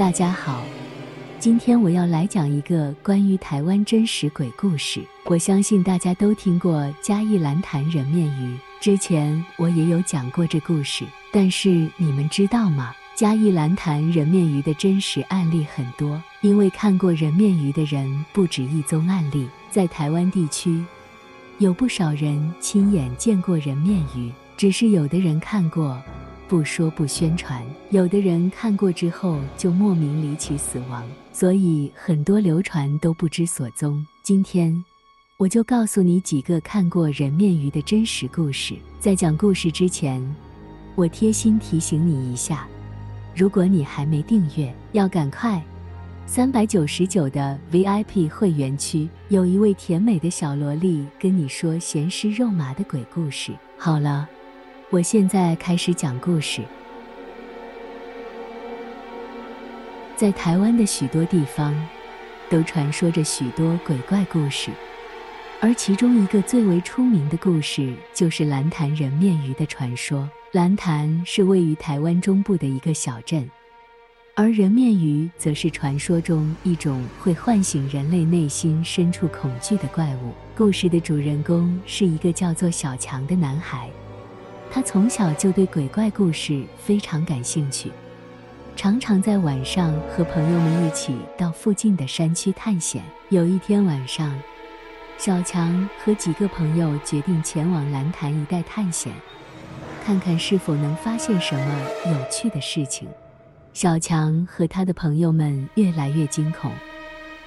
大家好，今天我要來講一個關於台灣真實鬼故事。我相信大家都聽過嘉義蘭潭人面魚，之前我也有講過這故事。但是你們知道嗎？嘉義蘭潭人面魚的真實案例很多，因為看過人面魚的人不止一宗案例，在台灣地區有不少人親眼見過人面魚，只是有的人看過不說不宣傳，有的人看過之後就莫名離奇死亡，所以很多流傳都不知所蹤。今天我就告訴你幾個看過人面魚的真實故事。在講故事之前，我貼心提醒你一下：如果你還沒訂閱，要趕快。三百九十九的 VIP 會員區，有一位甜美的小蘿莉跟你說鹹濕肉麻的鬼故事。好了。我現在開始講故事。在台灣的許多地方，都傳說着許多鬼怪故事，而其中一個最為出名的故事，就是蘭潭人面魚的傳說。蘭潭是位於台灣中部的一個小鎮，而人面魚則是傳說中一種會喚醒人類內心深處恐懼的怪物。故事的主人公是一個叫做小強的男孩。他從小就對鬼怪故事非常感興趣，常常在晚上和朋友們一起到附近的山區探險。有一天晚上，小強和幾個朋友決定前往藍潭一帶探險，看看是否能發現什麼有趣的事情。小強和他的朋友們越來越驚恐，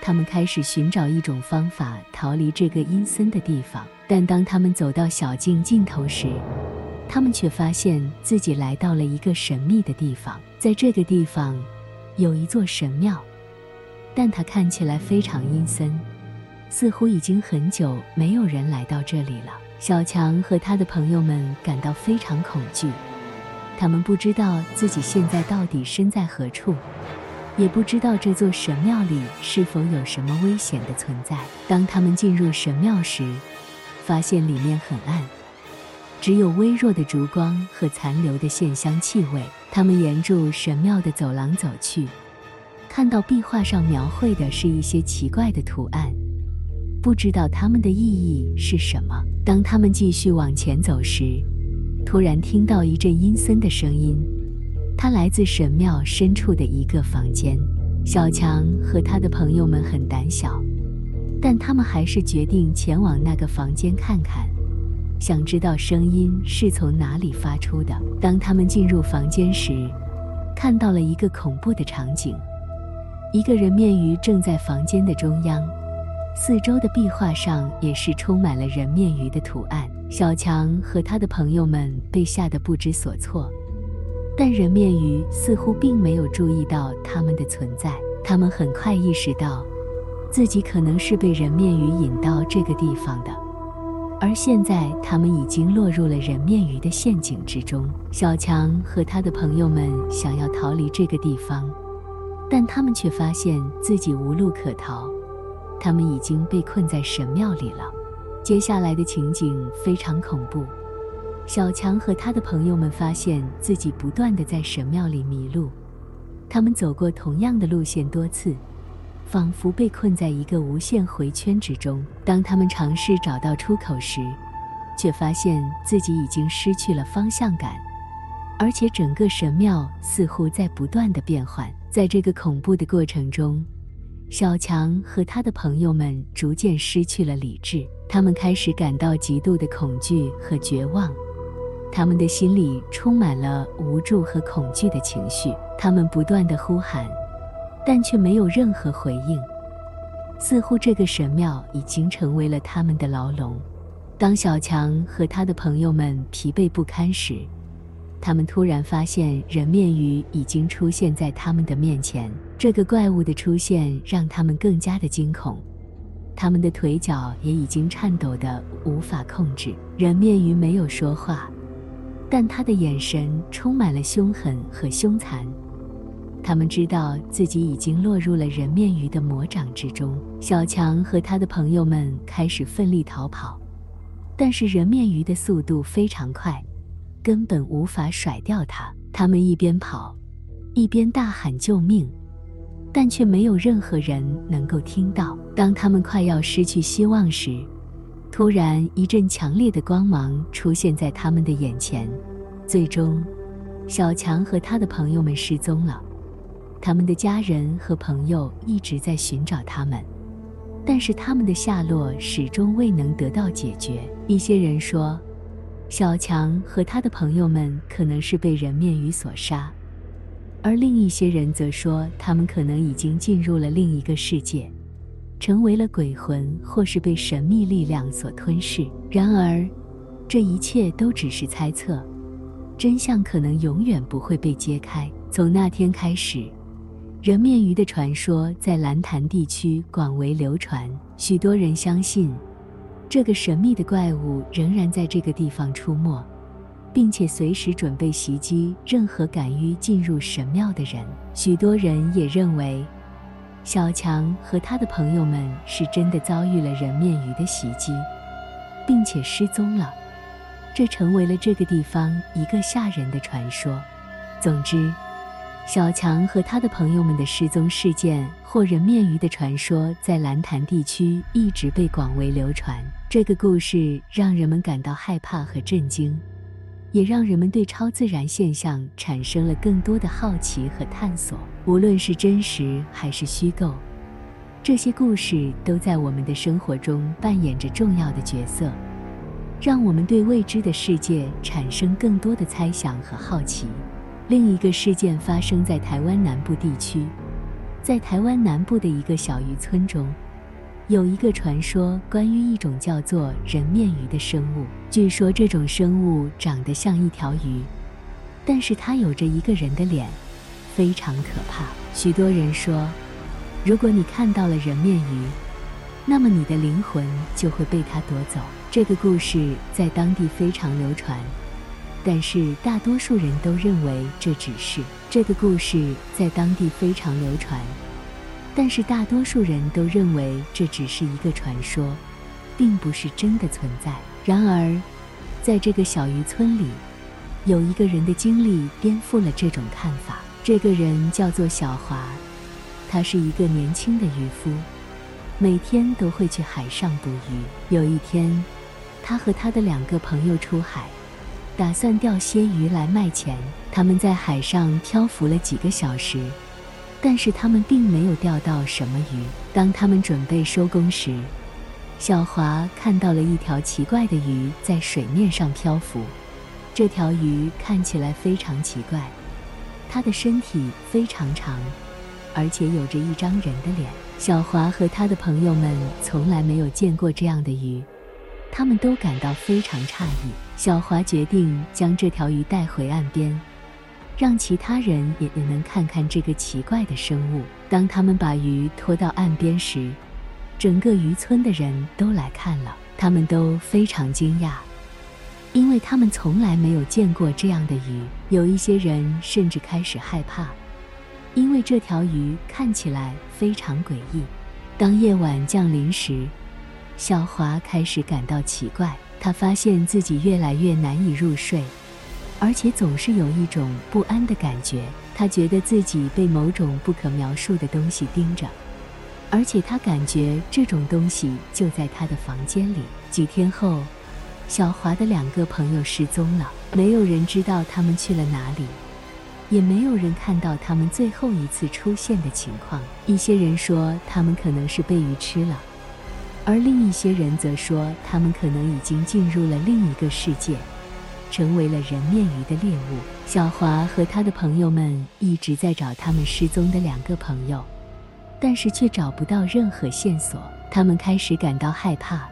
他們開始尋找一種方法逃離這個陰森的地方。但當他們走到小徑盡頭時，他們卻發現自己來到了一個神秘的地方。在這個地方，有一座神廟，但它看起來非常陰森，似乎已經很久沒有人來到這裡了。小強和他的朋友們感到非常恐懼，他們不知道自己現在到底身在何處，也不知道這座神廟裡是否有什麼危險的存在。當他們進入神廟時，發現裡面很暗。只有微弱的燭光和殘留的線香氣味。他們沿着神廟的走廊走去，看到壁畫上描繪的是一些奇怪的圖案，不知道他們的意義是什麼。當他們繼續往前走時，突然聽到一陣陰森的聲音，它來自神廟深處的一個房間。小強和他的朋友們很膽小，但他們還是決定前往那個房間看看。想知道聲音是從哪裡發出的。當他們進入房間時，看到了一個恐怖的場景。一個人面魚正在房間的中央，四周的壁畫上也是充滿了人面魚的圖案。小強和他的朋友們被嚇得不知所措，但人面魚似乎並沒有注意到他們的存在。他們很快意識到，自己可能是被人面魚引到這個地方的。而現在，他們已經落入了人面魚的陷阱之中。小強和他的朋友們想要逃離這個地方，但他們卻發現自己無路可逃。他們已經被困在神廟裡了。接下來的情景非常恐怖。小強和他的朋友們發現自己不斷地在神廟裡迷路，他們走過同樣的路線多次。仿佛被困在一個無限回圈之中。當他們嘗試找到出口時，卻發現自己已經失去了方向感，而且整個神廟似乎在不斷的變換。在這個恐怖的過程中，小強和他的朋友們逐漸失去了理智，他們開始感到極度的恐懼和絕望，他們的心裡充滿了無助和恐懼的情緒，他們不斷的呼喊。但卻沒有任何回應，似乎這個神廟已經成為了他們的牢籠。當小強和他的朋友們疲憊不堪時，他們突然發現人面魚已經出現在他們的面前。這個怪物的出現讓他們更加的驚恐，他們的腿腳也已經顫抖得無法控制。人面魚沒有說話，但他的眼神充滿了凶狠和凶殘。他們知道自己已經落入了人面魚的魔掌之中。小強和他的朋友們開始奮力逃跑，但是人面魚的速度非常快，根本無法甩掉它。他們一邊跑，一邊大喊救命，但卻沒有任何人能夠聽到。當他們快要失去希望時，突然一陣強烈的光芒出現在他們的眼前。最終，小強和他的朋友們失蹤了。他們的家人和朋友一直在尋找他們，但是他們的下落始終未能得到解決。一些人說，小強和他的朋友們可能是被人面魚所殺，而另一些人則說，他們可能已經進入了另一個世界，成為了鬼魂，或是被神秘力量所吞噬。然而，這一切都只是猜測，真相可能永遠不會被揭開。從那天開始，人面魚的傳說在蘭潭地區廣為流傳，許多人相信這個神秘的怪物仍然在這個地方出沒，並且隨時準備襲擊任何敢於進入神廟的人。許多人也認為，小強和他的朋友們是真的遭遇了人面魚的襲擊，並且失蹤了。這成為了這個地方一個嚇人的傳說。總之，小強和他的朋友們的失蹤事件，或人面魚的傳說，在蘭潭地區一直被廣為流傳。這個故事讓人們感到害怕和震驚，也讓人們對超自然現象產生了更多的好奇和探索。無論是真實還是虛構，這些故事都在我們的生活中扮演着重要的角色，讓我們對未知的世界產生更多的猜想和好奇。另一個事件發生在台灣南部地區，在台灣南部的一個小漁村中，有一個傳說，關於一種叫做人面魚的生物。據說這種生物長得像一條魚，但是它有着一個人的臉，非常可怕。許多人說，如果你看到了人面魚，那麼你的靈魂就會被它奪走。這個故事在當地非常流傳。但是大多數人都認為這只是這個故事在當地非常流傳，但是大多數人都認為這只是一個傳說，並不是真的存在。然而，在這個小漁村裡，有一個人的經歷顛覆了這種看法。這個人叫做小華，他是一個年輕的漁夫，每天都會去海上捕魚。有一天，他和他的兩個朋友出海。打算釣些魚來賣錢。他們在海上漂浮了幾個小時，但是他們並沒有釣到什麼魚。當他們準備收工時，小華看到了一條奇怪的魚在水面上漂浮。這條魚看起來非常奇怪，它的身體非常長，而且有着一張人的臉。小華和他的朋友們從來沒有見過這樣的魚，他們都感到非常詫異。小華決定將這條魚帶回岸邊，讓其他人也也能看看這個奇怪的生物。當他們把魚拖到岸邊時，整個漁村的人都來看了。他們都非常驚訝，因為他們從來沒有見過這樣的魚。有一些人甚至開始害怕，因為這條魚看起來非常詭異。當夜晚降臨時，小華開始感到奇怪。他發現自己越來越難以入睡，而且總是有一種不安的感覺。他覺得自己被某種不可描述的東西盯着，而且他感覺這種東西就在他的房間裡。幾天後，小華的兩個朋友失蹤了，沒有人知道他們去了哪裡，也沒有人看到他們最後一次出現的情況。一些人說他們可能是被魚吃了。而另一些人則說，他們可能已經進入了另一個世界，成為了人面魚的獵物。小華和他的朋友們一直在找他們失蹤的兩個朋友，但是卻找不到任何線索。他們開始感到害怕，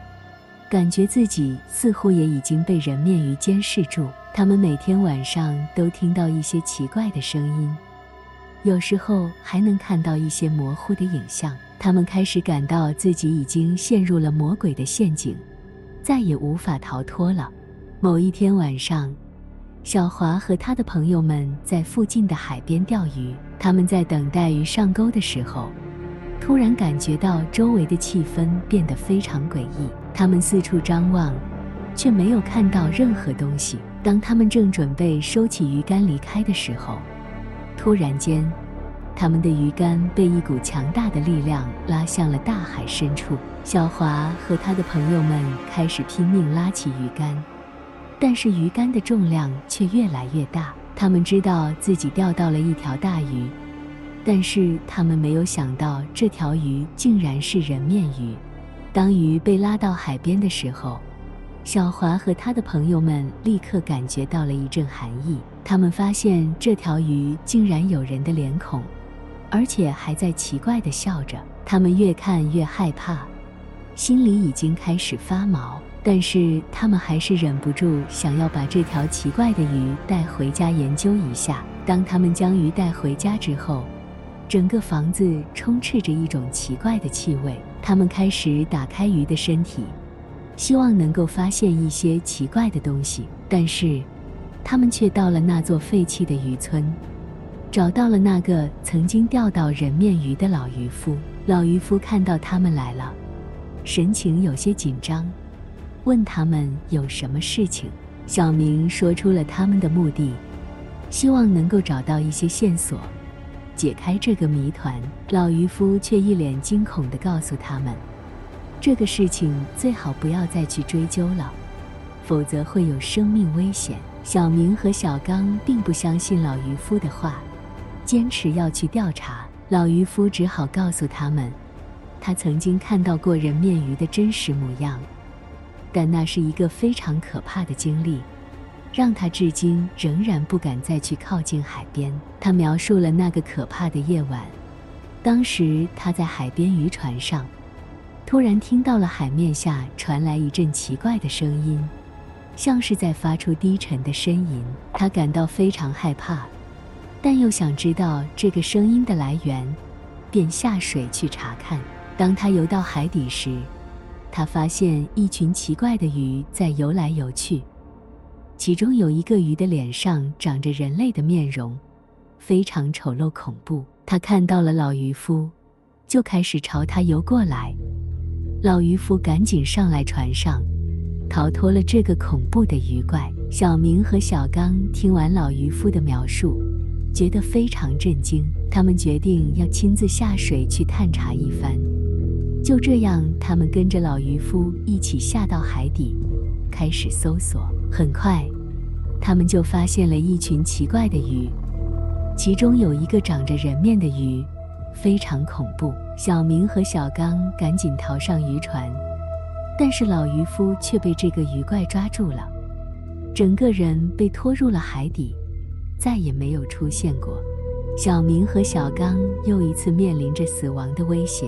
感覺自己似乎也已經被人面魚監視住。他們每天晚上都聽到一些奇怪的聲音。有時候還能看到一些模糊的影像，他們開始感到自己已經陷入了魔鬼的陷阱，再也無法逃脫了。某一天晚上，小華和他的朋友們在附近的海邊釣魚，他們在等待魚上鈎的時候，突然感覺到周圍的氣氛變得非常詭異。他們四處張望，卻沒有看到任何東西。當他們正準備收起魚竿離開的時候，突然間，他們的魚竿被一股強大的力量拉向了大海深處。小華和他的朋友們開始拼命拉起魚竿，但是魚竿的重量卻越來越大。他們知道自己釣到了一條大魚，但是他們沒有想到這條魚竟然是人面魚。當魚被拉到海邊的時候，小華和他的朋友們立刻感覺到了一陣寒意。他們發現這條魚竟然有人的臉孔，而且還在奇怪地笑着。他們越看越害怕，心裡已經開始發毛。但是他們還是忍不住想要把這條奇怪的魚帶回家研究一下。當他們將魚帶回家之後，整個房子充斥着一種奇怪的氣味。他們開始打開魚的身體，希望能夠發現一些奇怪的東西，但是。他們卻到了那座廢棄的漁村，找到了那個曾經釣到人面魚的老漁夫。老漁夫看到他們來了，神情有些緊張，問他們有什麼事情。小明說出了他們的目的，希望能夠找到一些線索，解開這個謎團。老漁夫卻一臉驚恐地告訴他們，這個事情最好不要再去追究了，否則會有生命危險。小明和小剛並不相信老漁夫的話，堅持要去調查。老漁夫只好告訴他們，他曾經看到過人面魚的真實模樣，但那是一個非常可怕的經歷，讓他至今仍然不敢再去靠近海邊。他描述了那個可怕的夜晚，當時他在海邊漁船上，突然聽到了海面下傳來一陣奇怪的聲音。像是在發出低沉的呻吟，他感到非常害怕，但又想知道這個聲音的來源，便下水去查看。當他游到海底時，他發現一群奇怪的魚在游來游去，其中有一個魚的臉上長着人類的面容，非常醜陋恐怖。他看到了老漁夫，就開始朝他游過來。老漁夫趕緊上來船上。逃脫了這個恐怖的魚怪。小明和小剛聽完老漁夫的描述，覺得非常震驚。他們決定要親自下水去探查一番。就這樣，他們跟着老漁夫一起下到海底，開始搜索。很快，他們就發現了一群奇怪的魚，其中有一個長着人面的魚，非常恐怖。小明和小剛趕緊逃上漁船。但是老漁夫卻被這個魚怪抓住了，整個人被拖入了海底，再也沒有出現過。小明和小剛又一次面臨着死亡的威脅，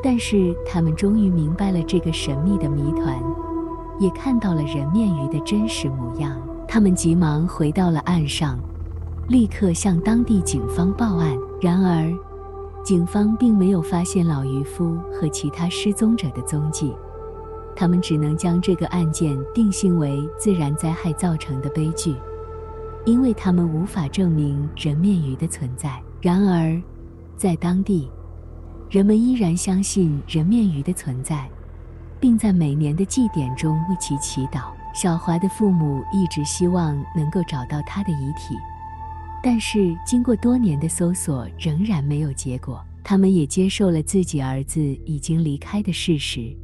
但是他們終於明白了這個神秘的謎團，也看到了人面魚的真實模樣。他們急忙回到了岸上，立刻向當地警方報案。然而，警方並沒有發現老漁夫和其他失蹤者的蹤跡。他們只能將這個案件定性為自然災害造成的悲劇，因為他們無法證明人面魚的存在。然而，在當地，人們依然相信人面魚的存在，並在每年的祭典中為其祈禱。小華的父母一直希望能夠找到他的遺體，但是經過多年的搜索，仍然沒有結果。他們也接受了自己兒子已經離開的事實。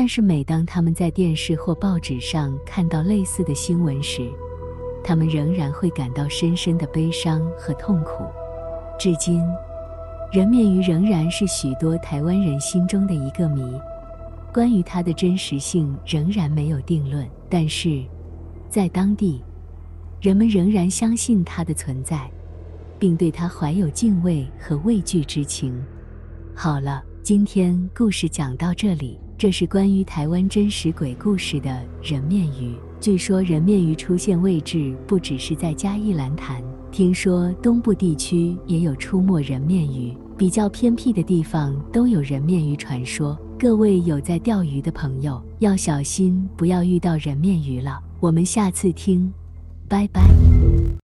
但是，每當他們在電視或報紙上看到類似的新聞時，他們仍然會感到深深的悲傷和痛苦。至今，人面魚仍然是許多台灣人心中的一個謎，關於它的真實性仍然沒有定論。但是，在當地，人們仍然相信它的存在，並對它懷有敬畏和畏懼之情。好了，今天故事講到這裡。這是關於台灣真實鬼故事的人面魚。據說人面魚出現位置不只是在嘉義蘭潭，聽說東部地區也有出沒人面魚，比較偏僻的地方都有人面魚傳說。各位有在釣魚的朋友要小心，不要遇到人面魚了。我們下次聽，拜拜。